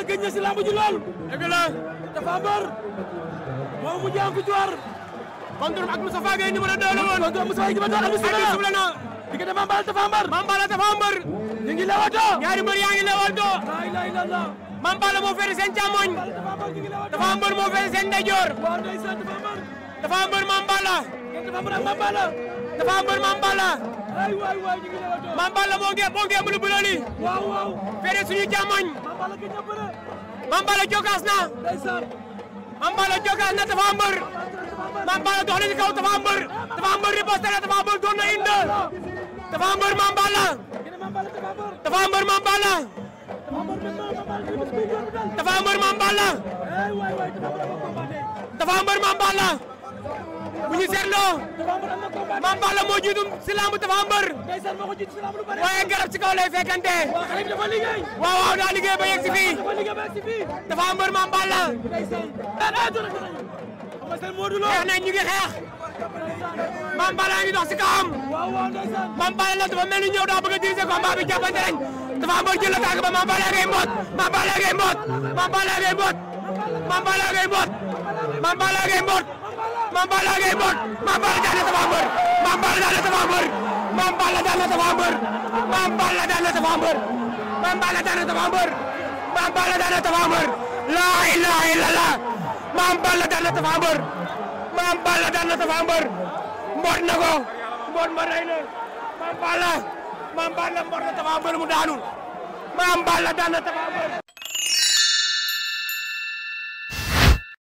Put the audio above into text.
la gëj na si lamb ji lool. dëgg la dafa mbër moom mu jàng war. contre ak Moustapha Gueye numéro 2 la woon. contre Moustapha Gueye numéro 2 ak Moustapha Gueye na. diggante Mambala dafa mbër. Mambala dafa mbër. ñu ngi ñaari mbër yaa ngi leewatoo. la ilaha illallah. moo féete seen càmmoñ. dafa mbër moo féete seen ndeyjoor. dafa mbër Mambala. dafa mbër Mambala. mambala moge moge bulu buloli wow wow fere suñu jamagn mambala ki mambala jokas na mambala jokas na dafa mambala doxali ci kaw dafa mbeur dafa mbeur ri postere na inde dafa mbeur mambala dafa mbeur mambala dafa mambala dafa mambala dafa mambala muy Cerno Mame Balla moo jiitu si lamb Tapha Mbeur waaye garab ci kaw lay fekkante waaw waaw daa liggéey ba yegg si fii Tapha Mbeur Mame Balla xeex nañ ñu ngi xeex Mame Balla ngi dox si kawam Mame Balla la dafa mel ni ñëw daa bëgg a diriger combat bi jàppante nañ Tapha Mbeur jël la tànk ba Mame Balla ngay mboot Mame Balla ngay mboot Mame Balla ngay mboot Mame Balla ngay mboot Mame Balla ngay mboot Mame Balla ngay boot Mame Balla daan na Tapha Mbeur Mame Balla daan na Tapha Mbeur Mame Balla daan na Tapha Mbeur Mame Balla daan na Tapha Mbeur Mame Balla daan na Tapha Mbeur Mame Balla daan na Tapha Mbeur laa ilaaha illallah Mame Balla daan na Tapha Mbeur Mame Balla daan na Tapha Mbeur mboot na ko mboot ma rey na Mame Balla Mame Balla mboot na Tapha Mbeur mu daanu Mame Balla daan na Tapha Mbeur